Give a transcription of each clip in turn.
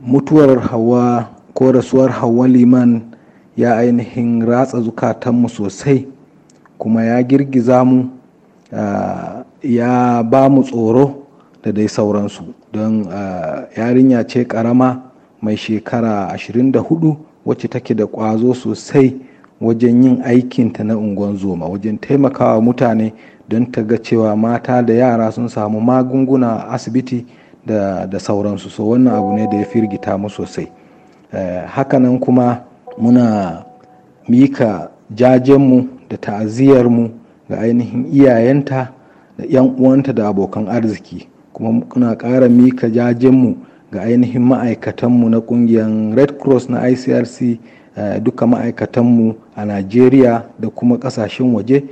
mutuwar hawa ko rasuwar hawa liman ya ainihin ratsa zukatanmu sosai kuma ya girgiza mu ya ba mu tsoro da dai sauransu don yarinya ce karama mai shekara 24 wacce take da ƙwazo sosai wajen yin aikinta na unguwan zoma wajen taimakawa mutane don ta ga cewa mata da yara sun samu magunguna a asibiti da, sauransu so wannan abu ne da ya firgita mu sosai eh, hakanan kuma muna mika jajenmu da ta'aziyarmu ga ainihin iyayenta da 'yan uwanta da abokan arziki kuma muna ƙara mika jajenmu ga ainihin ma'aikatanmu na ƙungiyar red cross na icrc eh, duka ma'aikatanmu a najeriya da kuma ƙasashen waje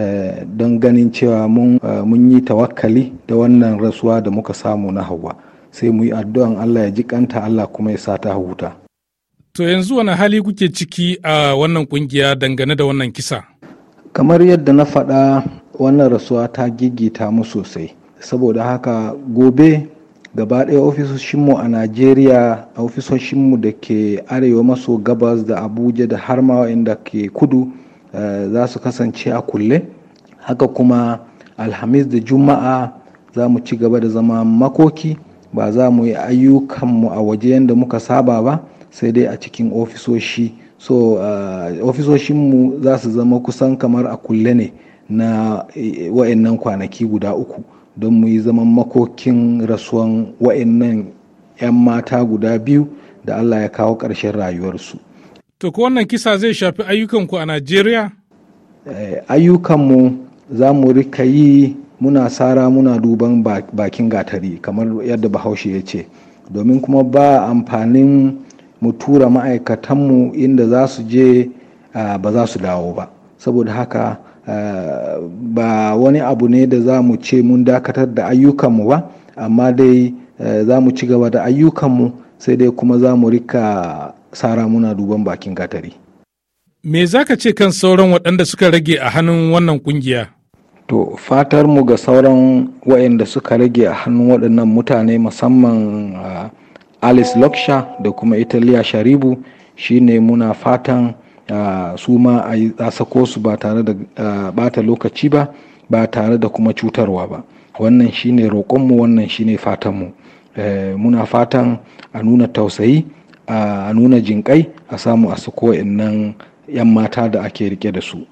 Eh, don ganin cewa eh, mun yi tawakkali da wannan rasuwa da muka samu na hawa sai mu yi addu'an Allah ya ji kanta Allah kuma ya sa ta huta. To yanzu wani hali kuke ciki a wannan kungiya dangane da wannan kisa? Kamar yadda na faɗa wannan rasuwa ta gigita mu sosai. Saboda haka gobe gaba ɗaya ofisoshinmu a Najeriya ofisoshinmu da ke arewa maso gabas da Abuja da har ma inda ke kudu. Eh, za su kasance a kulle haka kuma alhamis da juma'a za mu ci gaba da zama makoki ba za mu yi ayyukanmu a waje yadda muka saba ba sai dai a cikin ofisoshi so uh, ofisoshinmu za su zama kusan kamar a kulle ne na eh, wa'annan kwanaki guda uku don mu yi zaman makokin rasuwan wa'annan 'yan mata guda biyu da allah ya kawo ƙarshen rayuwarsu To ko wannan kisa zai shafi ayyukanku a Najeriya? Eh, ayyukanmu za mu rika yi muna sara muna duban bakin gatari kamar yadda bahaushe ya ce domin kuma ba amfanin mu tura ma'aikatanmu inda za su je ba za su dawo ba saboda haka ba wani abu ne da za mu ce mun dakatar da ayyukanmu ba amma dai eh, za mu ci gaba da ayyukanmu sai dai kuma za mu rika sara muna duban bakin gatari me za ka ce kan sauran waɗanda suka rage a hannun wannan kungiya to fatar mu ga sauran waɗanda suka rage a hannun waɗannan mutane musamman uh, alice loksha da kuma italiya sharibu shi ne muna fatan uh, su ma a yi sako su ba tare da uh, ah, bata lokaci ba ba tare da kuma cutarwa ba wannan shi ne roƙonmu wannan shi ne fatanmu eh, muna fatan a nuna tausayi a nuna jinƙai a samu a sako nan 'yan mata da ake rike da su